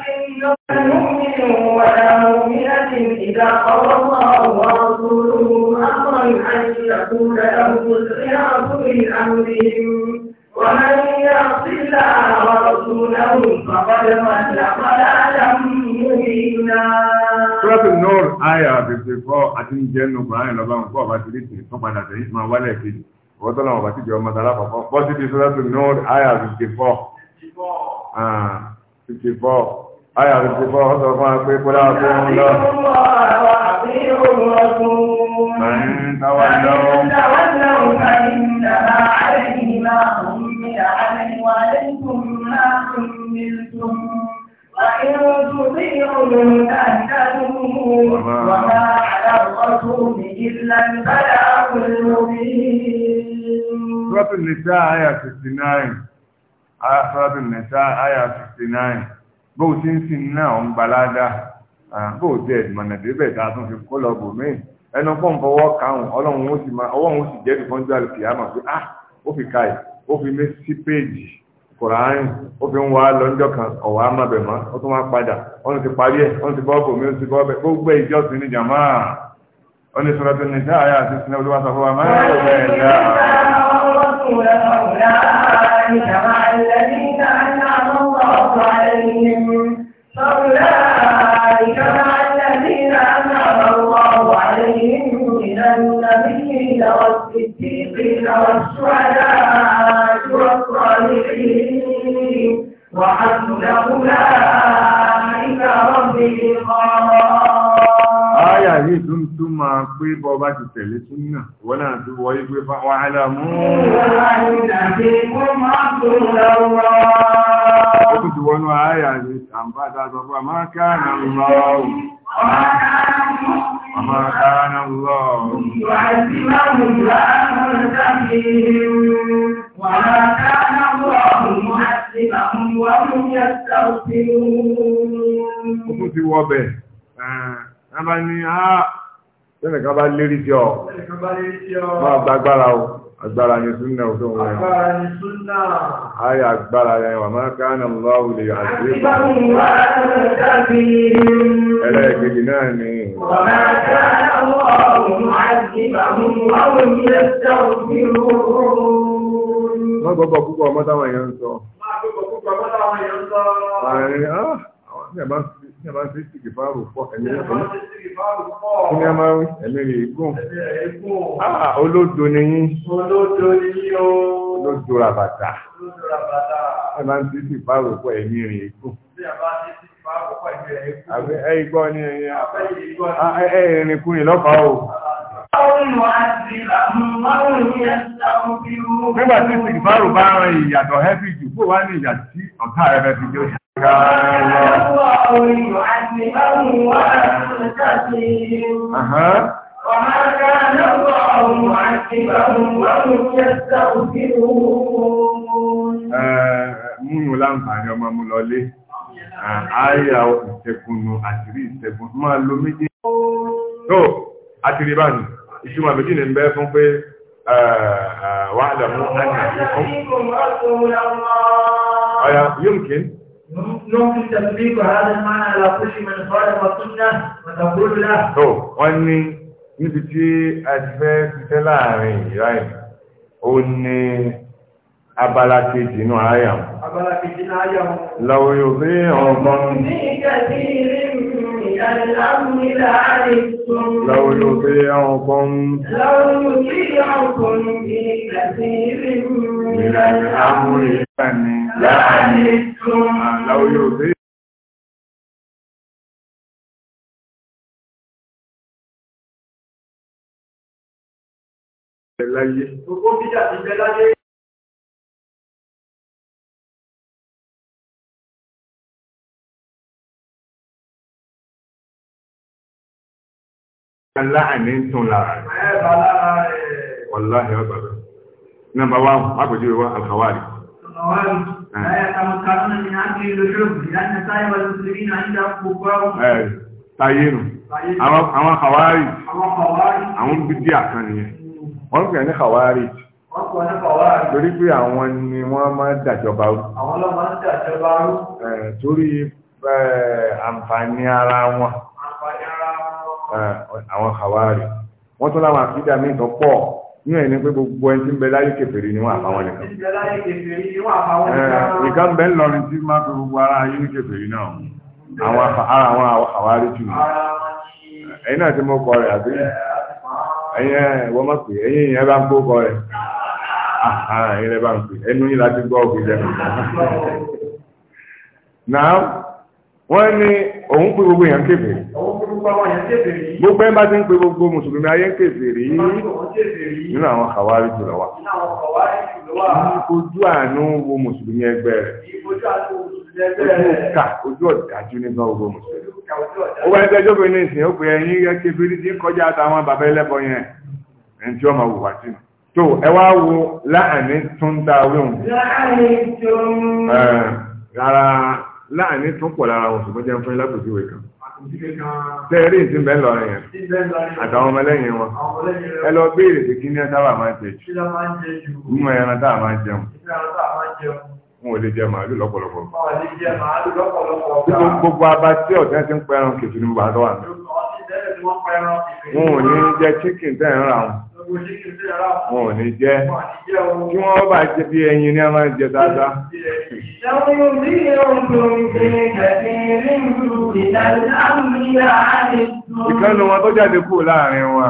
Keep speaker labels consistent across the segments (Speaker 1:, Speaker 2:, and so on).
Speaker 1: مؤمن ولا مؤمنة إذا قضى الله ورسوله أمرا أن يكون له الخيار من أمرهم ومن يعص الله ورسوله فقد ضل ضلالا مبينا.
Speaker 2: Ayà rẹ̀ ti fọ́ ọ́sọ̀ fún apé kó láàpé ń lọ. Sọ́tún Nìṣá àyà 69. Sọ́tún Nìṣá àyà 69 bóò tí ń sin náà ń balada bóò jẹ́ ìmọ̀nà débẹ̀ tá a tún fi kó lọ bò mí ẹnu pọ́n fọwọ́ kàrùn ọlọ́run ó sì máa ọwọ́ òun sì jẹ́ ìfọ́n jù àlùkì àmọ̀ pé ah ó fi ka ẹ̀ ó fi mí sí péèjì kòránì ó fi ń wá lọ́jọ́ kan ọ̀wá mábẹ̀ mọ́ ó tún máa padà wọ́n ti parí ẹ̀ wọ́n ti bọ́ bò mí ó ti bọ́ bẹ̀ gbogbo ìjọsìn ní jàmá wọ́n ní sọ̀rọ̀ tó
Speaker 1: الله عليهم فأولئك مع الذين أنعم الله عليهم من النبيين والصديقين والشهداء والصالحين وحسن أولئك ربي قرارا. آية
Speaker 2: túmọ̀ pé bọ́ọ̀bá ti tẹ̀lé súnnà wọ́n náà tó wọ́ igbé wà áìlàmú ó tún ti wọnú ààyà ní àmbá dáadọ́ fún àmáká náà lọ́wọ́
Speaker 1: àmáká náà lọ́wọ́ wà sí láwùn láàrín sáàkì wà máa ká náà lọ́wọ́ mọ́ àti àwọn wà mú yẹ́ sáàkì
Speaker 2: tẹ́lẹ̀ kan bá lérí sí ọ
Speaker 1: máa gbàgbára o
Speaker 2: agbára ni súnà òfin wọn agbára ni súnà ayé agbára ni wà máa ká nà lọ́wọ́ wùlé àti ẹlẹ́ẹ̀kejì náà ni wà máa ká nà lọ́wọ́ wùlé àti wọ́n gbọ́gbọ́ púpọ̀ mọ́tàwọn èèyàn ń ní a bá ń fi sìkì fáàrù pọ̀ ẹ̀mí ní máa
Speaker 1: wí ẹ̀mí rè gùn olódo ni yín olódo rabata ẹ̀ máa ń
Speaker 2: fi sìkì fáàrù pọ̀ ẹ̀mí rè gùn
Speaker 1: àbí ẹ̀yìn gbọ́ ní ẹ̀yìn ah, ẹ̀yìn kúrin lọ́pàá o. nígbà tí sìgbàrù bá ran
Speaker 2: ìyàtọ̀ hẹ́bì jù kó wá ní ìyà tí ọ̀tá rẹ̀ fi jẹ́ أها وما كان الله معذبهم وهم يستغفرون múnú láǹfààní ọmọ mú lọlé uh, àáyà ìṣẹ́kùnù àtìrí ìṣẹ́kùn máa lo méjì tó àtìrí bá nì ìṣúmọ̀ méjì ní bẹ́ fún pé uh, uh, wà á dàmú àyà ìṣẹ́kùn ọ̀yà yóò kìí
Speaker 1: يمكن تطبيق هذا المعنى على كل من خالف السنة وتقول له
Speaker 2: تو wọ́n ní níbi tí a ti fẹ́ ṣiṣẹ́ láàrin ìyá ẹ̀ ó ní abala kejì inú ayà wọn.
Speaker 1: abala kejì inú ayà wọn. lọ́wọ́ yóò bí ọgbọ́n. ní ìkàtí ilé لو
Speaker 2: يطيعكم لو
Speaker 1: يطيعكم في كثير من الأمر لعنتم Àláwọ̀ yóò sí. Láyé. Gbogbo bíjà ti bẹ láyé. Láàní tún lára rẹ̀. Wọ́n láàrín ọgbàgbà. Nọ́mbà wá, àpèjúwe wá, àlkàwárí. Àlkàwárí. لا يتمكنون من أكل اللحوم لأن سائر المسلمين عندهم كفار
Speaker 2: tayénu àwọn kàwárì àwọn bídí àkànnìyàn wọ́n pè ní kàwárì torí pé àwọn ni wọ́n máa dàjọba rú
Speaker 1: àwọn ló máa dàjọba rú torí
Speaker 2: àǹfààní ara wọn àwọn kàwárì wọ́n tún láwọn àkídà mìíràn pọ̀ ní ẹni pé gbogbo ẹni tí ń bẹ láyé kèfèrí ni wọ́n àfáwọn nìkan. ìkan bẹ ń lọrin tí máa fi gbogbo ara ayé ní náà àwọn ara àwọn àwárí jù náà ti mọ kọ àbí pé ìyẹn bá ń kó kọ ah, ah, bá ń pè ẹnu yìí láti gbọ́ náà wọ́n ní òun pé gbogbo gbogbo ẹ̀mbá ti ń pe gbogbo mùsùlùmí ayé ń kèfèrí nínú àwọn àwárí jùlọ wà
Speaker 1: ojú àánú
Speaker 2: wo mùsùlùmí ẹgbẹ́
Speaker 1: rẹ̀ ojú ọ̀ka ojú ọ̀dájú nígbà gbogbo
Speaker 2: mùsùlùmí ó wá ẹgbẹ́ ẹjọ́ bẹ̀rẹ̀ ìsìn ó pé ẹ̀yìn kèfèrí tí ń kọjá àtàwọn bàbá ẹlẹ́bọ yẹn ẹni tí wọ́n máa wùwà sínú tó ẹ wá wo láàánú tó ń dá orí òun rárá láàánú tó pọ̀ lára wọn ṣùgbọ́n jẹ́ fún ẹ lápòjúwe kan
Speaker 1: tẹ́ẹ̀rí ìsinbẹ̀ lọ́rin
Speaker 2: yẹn àtàwọn ọmọlẹ́yìn wọn ẹ lọ béèrè sí kí ní ẹ sábà máa ń tẹ̀jú nínú ẹran tá a máa ń jẹun wọn ò lè jẹ màálù lọ́pọ̀lọpọ̀
Speaker 1: gbogbo abá tí ọ̀tẹ́
Speaker 2: ti ń pẹran kìtù ní bàbá wà
Speaker 1: wọn ò ní jẹ
Speaker 2: chicken tẹ́ ń ra wọn
Speaker 1: wọn ò ní jẹ kí wọ́n bá jẹ bí
Speaker 2: ẹyin ní a máa ń jẹ dáadáa
Speaker 1: Ìkẹ́nu wọn
Speaker 2: tó jáde kúrò láàrin wa,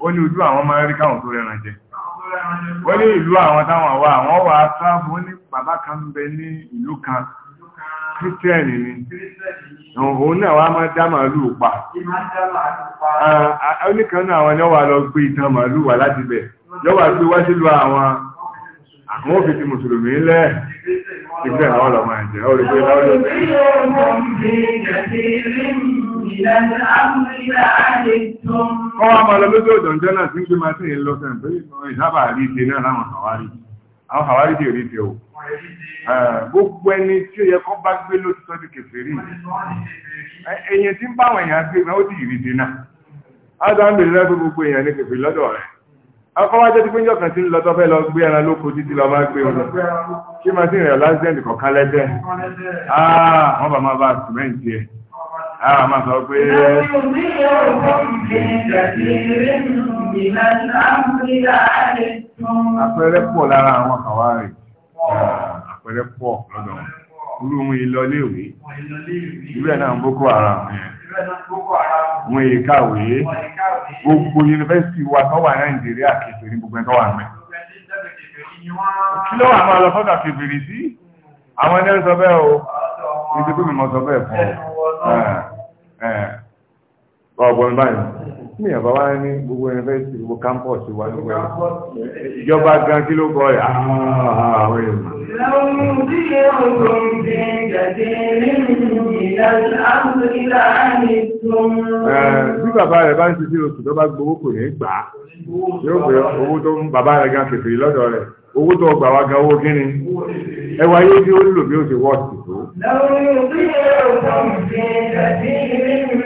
Speaker 2: ó ní ojú àwọn máa rí káwọn tó rẹran jẹ. Ó ní ìlú àwọn táwọn àwọ àwọn wà sáàbù ó ní bàbá kan bẹ ní ìlú kan, ni. Òun náà wá máa dá màálù pa. Ó ní kan náà àwọn yọ́wà lọ gbé ìtàn màálù wà láti bẹ̀. Yọ́wà gbé wá sílùú àwọn àwọn òfin ti Mùsùlùmí ìgbẹ́ àwọn ọlọ́mọ ẹ̀jẹ̀ ó rí pé lọ́rọ̀ Kọ́ Gbogbo ẹni tí ó yẹ kọ́ bá gbé ló ti sọ di kèfè rí. Ẹ̀yìn tí ń báwọn èèyàn gbé ó ti ìrìṣe náà. Á dá ń gbogbo èèyàn ní kèfè lọ́dọ̀ rẹ̀ akọ́wá jẹ́ pé njọ́ kan ti ń lọ tọ́fẹ́ lọ gbé ẹran lóko títí lọ máa gbé wọn kí máa sì rìnrìn lásìdẹ́ǹtì kọ̀ọ̀kan lẹ́dẹ́ ah, wọ́n bá máa bá sìmẹ́ǹtì ẹ̀ àwọn máa sọ pé
Speaker 1: àpẹẹrẹ pọ̀ lára
Speaker 2: àwọn àwárí ah, àpẹẹrẹ pọ̀ lọ́dọ̀ wọn olú ohun ìlọléèwé ìwé náà ń boko haram yẹn
Speaker 1: wọn èyí kàwé gbogbo
Speaker 2: yunifásitì wa tó wà nàìjíríà kèfèrí gbogbo ẹ̀tọ́ wà mẹ́ kí ló wà máa lọ sọ́dà kèfèrí sí àwọn ẹni sọ bẹ́ẹ̀ o ìdíkùnmí mọ́ sọ bẹ́ẹ̀ fún ọ ọ̀gbọ̀n báyìí ní ẹ̀bá wá ní gbogbo yunifásitì gbogbo campus wà ní wẹ́ẹ̀ ìjọba gan kí ló kọ́ ẹ̀ ah, àwọn èèyàn.
Speaker 1: lọ́wọ́n tí yóò gbọ́n jẹ́ gàdé nínú ìlànà àwọn ìlànà ìtún. bí
Speaker 2: bàbá rẹ̀ bá ń ṣiṣẹ́ oṣù tó bá gbowó kò ní gbà á yóò pé owó tó ń bàbá rẹ̀ owó tó ẹwà yóò bí ó lò bí ó ti wọ́ọ̀sì tó.
Speaker 1: lọ́wọ́n tí yóò gbọ́n jẹ́ gàdé nínú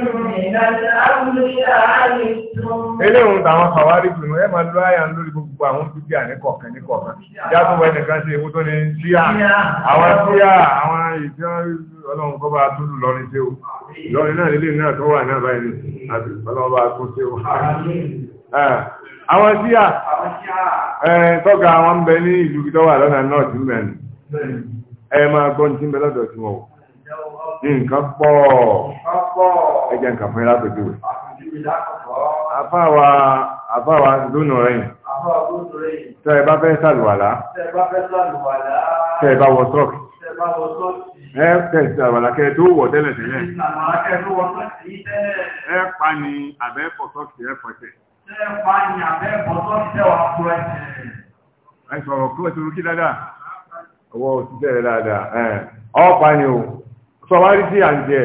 Speaker 1: eléhùn tàwọn àwárí
Speaker 2: jùlọ ẹ máa lọ àyà lórí gbogbo àwọn dúkìá ní kọ̀ọ̀kan ní kọ̀ọ̀kan yàtọ̀ wọ ẹnìkan sí ewu tó ní síyà àwọn síyà àwọn ìdí ọlọ́run kọ́ bá túlù lọ́rin tí ó lọ́rin náà lélẹ̀ náà tó wà náà báyìí àti ọlọ́run bá tún tí ó àwọn síyà tọ́ka àwọn ń nǹkan pọ̀ ẹjẹ́ nǹkan fún afọ
Speaker 1: rẹ̀. Àfáwa lónà rẹ̀yìn. Tẹ́ ẹ bá fẹ́ sàlùwàlá. Tẹ́ ẹ bá wọ sọ́ọ̀kì.
Speaker 2: Ẹ tẹ̀ sàlùwàlá kẹ́ tó wọ̀ tẹ́lẹ̀ tẹ́lẹ̀.
Speaker 1: Ẹ pa ni àbẹ́ pọ̀ sọ́ọ̀kì ẹ pọ̀tẹ̀. Ẹ pa ni àbẹ́ pọ̀ sọ́ọ̀kì ẹ wà
Speaker 2: Ẹ sọ̀rọ̀ kúrò tó rú kí dáadáa. Ọwọ́ òṣìṣẹ́ rẹ̀ dáadáa. ni o. sọwárí sí àǹjẹ́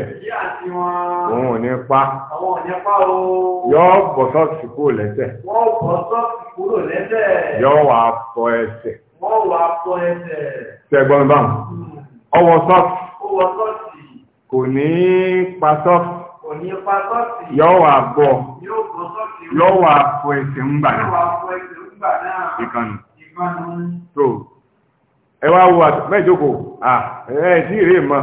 Speaker 1: òun ò ní pa yọ bọ̀ sọ́ọ̀sì kúrò lẹ́sẹ̀ yọ wà fọ ẹsẹ̀ tẹ̀gbọ́n bá ọwọ́ sọ́ọ̀sì
Speaker 2: kò ní pa
Speaker 1: sọ́ọ̀sì yọ wà bọ̀ yọ wà
Speaker 2: fọ ẹsẹ̀ ń gbà
Speaker 1: náà ìkànnì
Speaker 2: tó. ẹ wá wo mẹ́jọ́kò ẹ tí ìrè mọ́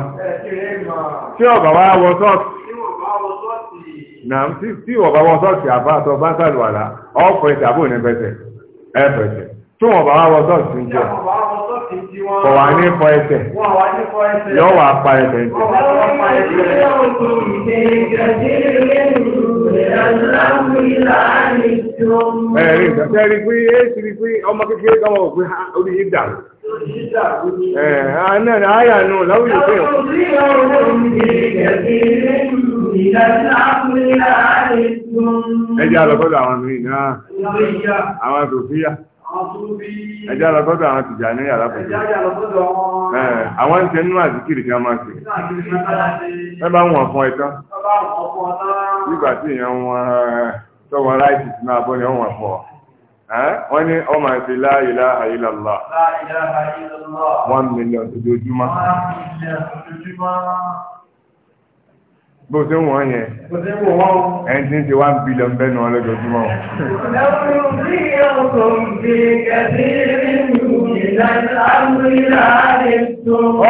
Speaker 1: tí ọba wá wọ sọ́ọ̀tì náà
Speaker 2: tí ọ̀bà wọ sọ́ọ̀tì àbá àtọ́ bá sàlùwàlà ọ̀pọ̀ ẹ̀sẹ̀ àbò ní bẹ́sẹ̀ ẹ bẹ̀sẹ̀ tí wọ́n bá wá wọ sọ́ọ̀tì ń jẹ́
Speaker 1: kọ̀ wá ní fọ ẹsẹ̀ yọ wà pa ẹsẹ̀ ń jẹ́. ẹ̀rí
Speaker 2: ìgbà tẹ́rí pé èsì rí pé ọmọ kékeré kan wọ̀ pé dàrú.
Speaker 1: Àánà àyà nù láwùjọ àwọn mìí náà, àwọn ya. Ẹjẹ́ àlọ́kọ́dọ̀ àwọn tìjà ní yàrá pẹ̀lú. Àwọn ń tẹnu àzíkìrì kí a máa ṣe. Ẹ bá wọn fún ẹ tán. Nígbà tí
Speaker 2: èèyàn wọn tọwọ́ láìsí sínú ni wọ́n fún wọ́n ní ọmọ laayila la ilaha
Speaker 1: one million ojoojúmọ́
Speaker 2: bó ṣe ń wọ́n yẹn ẹni tí ń ṣe one billion bẹ́ẹ̀ náà lọ́jọ́júmọ́.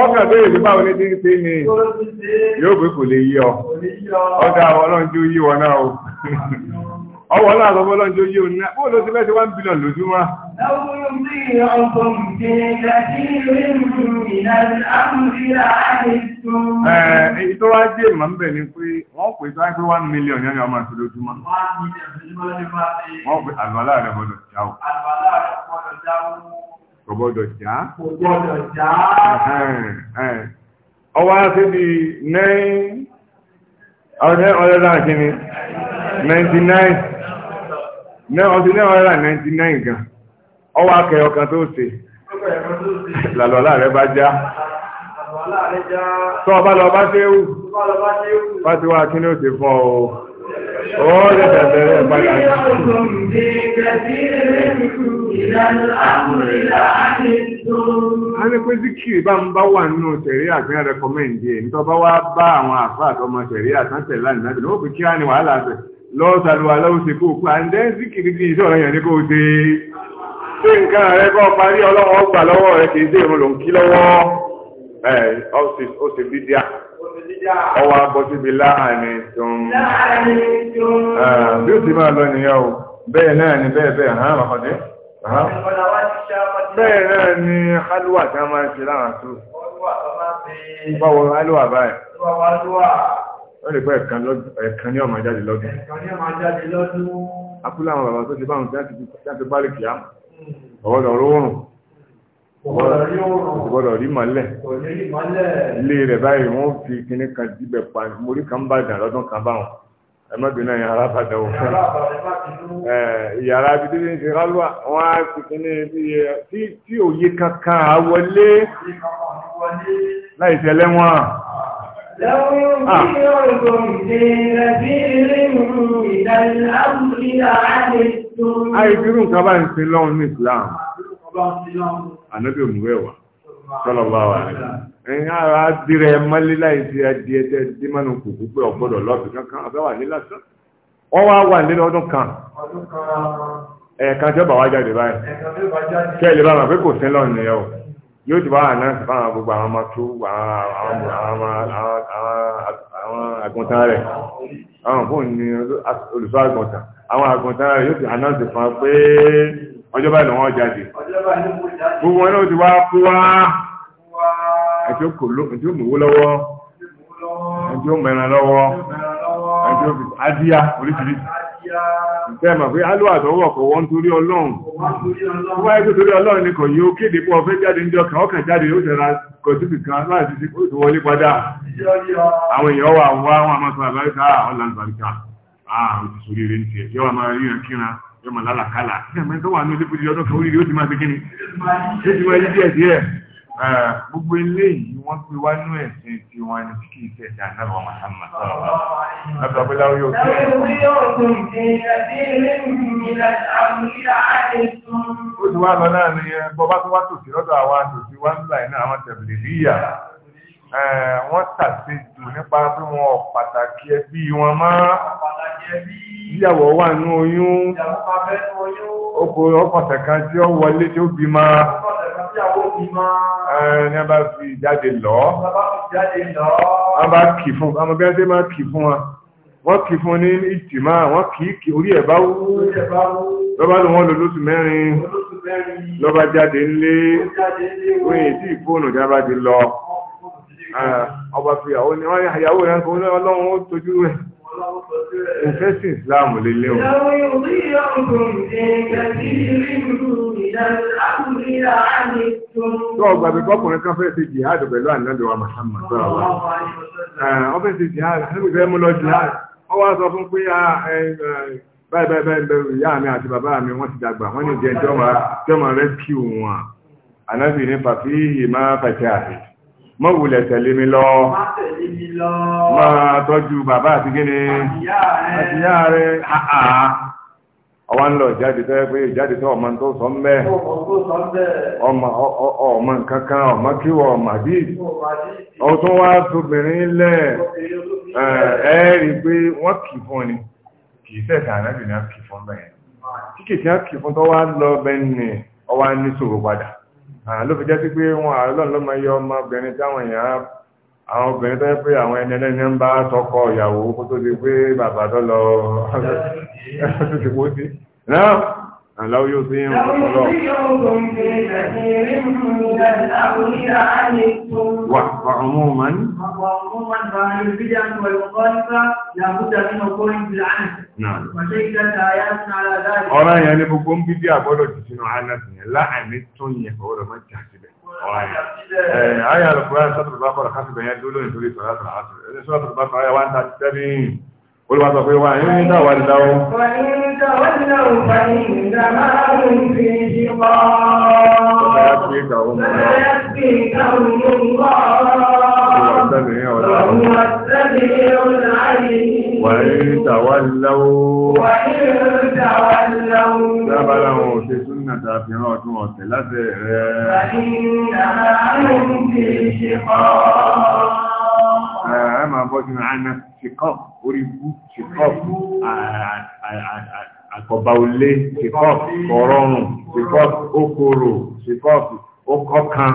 Speaker 2: ọkàn tó yèsí báwo ní ti ń ṣe ni yóò pé kò lè yí ọ ga àwọn ọlọ́run tí ó yí wọn náà ọwọ́ náà lọ́wọ́ lọ́njọ́ yóò ní ó ló ti mẹ́sí 1 billion lójúmọ́. èyí tó wá jẹ́ ìmọ̀ ń bẹ̀ ni pé wọ́n pè tó wáyé 1 million yẹn ọmọ àti lójúmọ́.
Speaker 1: wọ́n pè àlùbálà rẹ̀ gbọ́dọ̀ já o.
Speaker 2: kò gbọ́dọ̀ já.
Speaker 1: kò gbọ́dọ̀ já.
Speaker 2: ọwọ́ á ti di 9 ọ̀rẹ́ ọ̀rẹ́ láàkíní nye. ọdún náà 99 gan ọwọ́ akẹ́ ọkàn tó ṣe
Speaker 1: làlọ́lá rẹ bá já ọba lọ bá ṣe wù bá ti wá kí
Speaker 2: ní ó ti fọ́ ó lè tẹ̀sẹ̀rẹ̀ padà a ní pé bá ń bá wà nínú tẹ̀rí àti rẹ̀kọ́mẹ́ndì ẹ̀ nítorí bá wá bá àwọn lọ́ọ̀sàlùwà lọ́wọ́sẹ̀ kó kú àndẹ́sí kìrìkì ìṣọ́rọ̀ yẹn ní kó ṣe
Speaker 1: ṣe nǹkan rẹ kọ́ parí ọlọ́wọ́ gbà lọ́wọ́ rẹ kìí ṣe ìrùn lòun kí lọ́wọ́
Speaker 2: ẹ̀ ó ṣe bídíà ọwọ́ abọ́síbi láàrin tún bí ó ti máa lọ nìyẹn o bẹ́ẹ̀ náà ni bẹ́ẹ̀ bẹ́ẹ̀ hàn àmàkọ́dé
Speaker 1: bẹ́ẹ̀ náà ni
Speaker 2: hálùwà tí wọ́n máa ń ṣe láwọn àtúrò báwo wọ́n lè pẹ́ ẹ̀kan ní ọmọ jáde
Speaker 1: lọ́dún. Akúlá
Speaker 2: àwọn bàbá tó ti báhùn jáde bá lè kìá, ọ̀wọ́dọ̀ rọrùn, ọ̀wọ́dọ̀ rí mọ́lẹ̀. Ilé rẹ̀ báyìí wọ́n fi kíní kan jíbẹ̀ pa mórí kan bá dà lọ́dún kan báhùn. Ẹ má bínú ẹ̀yìn ara bàdà wò. Ìyàrá ibi títí ń ṣe rálùwà, wọ́n á fi kíní tí òye kankan àwọlé
Speaker 1: láì tẹ́lẹ́wọ̀n. Àìfirú nǹkan bá ń
Speaker 2: fi lọ́run ní Islam. Ànábì òmùwẹ̀wà, sọ́lọ̀báwà. Ẹ̀yìn ara dìrẹ mọ́lé láìsí ẹdí ẹdẹ́ dí mọ́nà kò púpẹ́ ọ̀gbọ́dọ̀ lọ́bì kankan abẹ́wà ní lásán. Wọ́n wá wà nílẹ̀ ọdún kan.
Speaker 1: Ẹ̀ẹ̀kan tí ó bà wá jáde báyìí. Kẹ́ẹ̀lẹ́ bá mà pé kò sí
Speaker 2: lọ́run nìyẹn o. Yóò ti wá àná àgùntàn rẹ̀ àwọn fóun ní olùṣọ́ àgùntàn àwọn àgùntàn rẹ̀ yóò ti announce fún wa pé ọjọ́ báyìí lọ́wọ́ jáde gbogbo wọn náà ti wá kú wá ẹ̀tí ó kò lókùn tí ó mú owó lọ́wọ́ ẹ̀tí ó mẹ́ran lọ́wọ́ ẹ̀tí ó fi adíyá oríṣiríṣi ìfẹ́ mà pé alúwà tó wọ̀ kọ̀ wọ́n torí ọlọ́run tó wáyé tó torí ọlọ́run ni kò yí kéde pọ̀ fẹ́ jáde ní ọkàn ọkàn jáde ó tẹ̀ra kọ̀ sí kan láti ti wọlé padà
Speaker 1: àwọn èèyàn wà
Speaker 2: wá wọn àmọ́ sọ àbáríkà ọ̀là àbáríkà àwọn ti sọ oríire ní tiẹ̀ yọ wà máa ríran kíran yọ máa lálàkálà kí àmọ́ ẹni tó wà ní olé kùdí ọdún kan oríire ó ti máa fi kíni ó ti máa yí díẹ̀ díẹ̀ gbogbo eléyìí wọ́n pe wá ní ẹ̀sìn tí wọ́n ní kí ìṣẹ̀ ṣe àtàwọn ọmọ àmà sọ̀rọ̀ wá. lọ́sọ̀ pé láwọn yóò tún. ó ti wá lọ náà ni bọ́bá tó wá tòsí lọ́dọ̀ àwọn àtòsí wá ń gbà iná àwọn tẹ̀lé níyà wọ́n tàṣe jù nípa bí wọn pàtàkì ẹbí wọn mọ́
Speaker 1: ìyàwó wà ní oyún
Speaker 2: ọkọ̀ọ̀sẹ̀ kan tí ó wọlé tí ó bí ma ní a bá fi jáde lọ
Speaker 1: a bá kì fún
Speaker 2: ọmọ bí wọ́n tẹ́ máa kì fún wọn wọ́n kì fún ní ìtìmá wọ́n kì í kì orí ẹ̀ bá wú
Speaker 1: lọ́bá ló wọ́n lọ lóṣù mẹ́rin lọ́bá jáde ńlé wọ́n èyí tí ìfóònù
Speaker 2: jábá lọ. Ah, ọba fi àwọn ni wọ́n yàwó rẹ̀ kó lọ́wọ́ ó tójú rẹ̀ ìfẹ́sì ìsìláàmù lè léwu.
Speaker 1: tó ọgbà bí kọkùnrin
Speaker 2: kan fẹ́ ṣe jihad pẹ̀lú ànádọ́wà Muhammad sọ́ra wa ah, wọ́n fẹ́ ṣe jihad nígbà fẹ́ mú lọ jihad wọ́n wá sọ fún pé ah, báyìí báyìí báyìí ìyá mi àti bàbá mi wọ́n ti dàgbà wọ́n ní jẹ́ jọ́mọ̀ rẹ́síkì wọn ànábì ní fàfíì máa fàtẹ́ àfẹ́ ma wulẹ̀ tẹ̀lé mi lọ
Speaker 1: ma tọ́jú bàbá àti gíní àti yá rẹ̀ àà
Speaker 2: ń lọ ìjáde tẹ́ pé ìjáde tẹ́ ọmọ sọ ọmọ kankan ọmọ kíwọ ọmọ bí ó wá tóbìnrin lẹ̀ ẹ̀ẹ́rì pé kì fún ni kì í sẹ̀kà anábìnrin kì fún kì fún wá lọ ló fi jẹ́ sí pé wọn àlọ́n ló máa yọ ọmọbìnrin táwọn èèyàn àwọn obìnrin tó yẹ pé àwọn ẹni ẹlẹ́ni ń bá tọkọ ìyàwó kó tó di pé bàbá tó lọ
Speaker 1: tó
Speaker 2: ti kó sí. náà àláwọ̀ yóò sí ìrìn òun lọ.
Speaker 1: wà ọ̀rùn mọ́ ní. لا بد من وقوع في العنف نعم وشهدت آيات على ذلك ọ̀rọ̀ yẹn ni
Speaker 2: gbogbo ń bí bí àgbọ́dọ̀ jù sínú ànàtì yẹn láàmì tó yẹn ọ̀rọ̀ máa jà síbẹ̀ ọ̀rọ̀ yẹn ayé alùpùpù sọ́tò bá kọ̀rọ̀ káfí bẹ̀yẹn dúró nítorí sọ̀rọ̀ sọ̀rọ̀ àṣọ ẹni sọ́tò bá kọ̀rọ̀ wá ń ta tẹ́lẹ̀ olùwà sọ pé wà ní dáwà ní dáwọ́.
Speaker 1: Ọ̀rọ̀ yẹn ti gbà ó mú un. السميع العليم وهو السميع العليم وإن تولوا وإن تولوا سبلهم
Speaker 2: في سنة أبيات وسلة فإنما هم في شقاق ẹ máa bọ́ sínú àná ṣìkọ́ orígbú ṣìkọ́ àkọ̀bà olé ṣìkọ́ kọ̀rọ̀rùn ṣìkọ́ okòrò ṣìkọ́ ó kọ́ kan.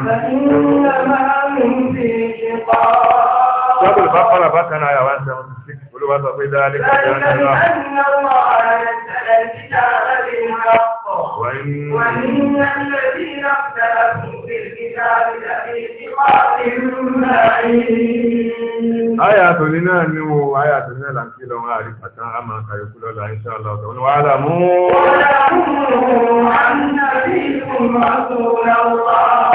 Speaker 2: Sọ́bìlì bá kọ́lá bákan náà yàwá sẹ́wọ̀n sí olúwa pé dáadé kan dáadé náà. ومن
Speaker 1: الذين اختلفوا في الكتاب لفي شقاق بعيد آية تنينا
Speaker 2: نو آية تنينا لانكي لو غاري فتاة أما كيقول الله إن شاء الله تعالى واعلموا واعلموا أن فيكم رسول الله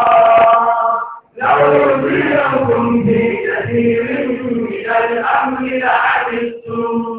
Speaker 1: لو يطيعكم في كثير من الأمر لعجبتم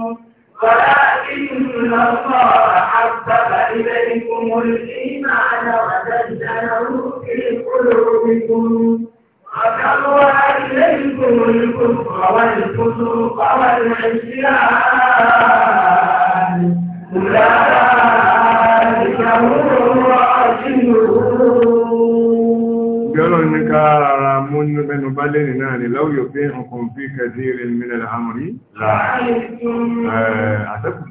Speaker 2: happen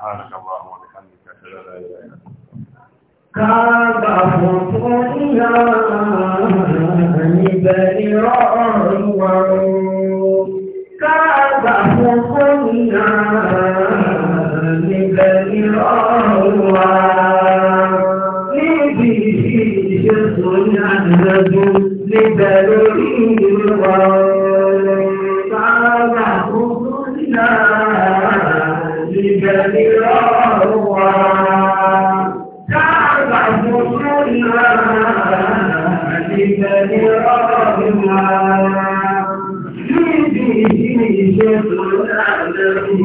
Speaker 2: سبحانك اللهم وبحمدك اشهد ان لا اله
Speaker 1: الا انت كان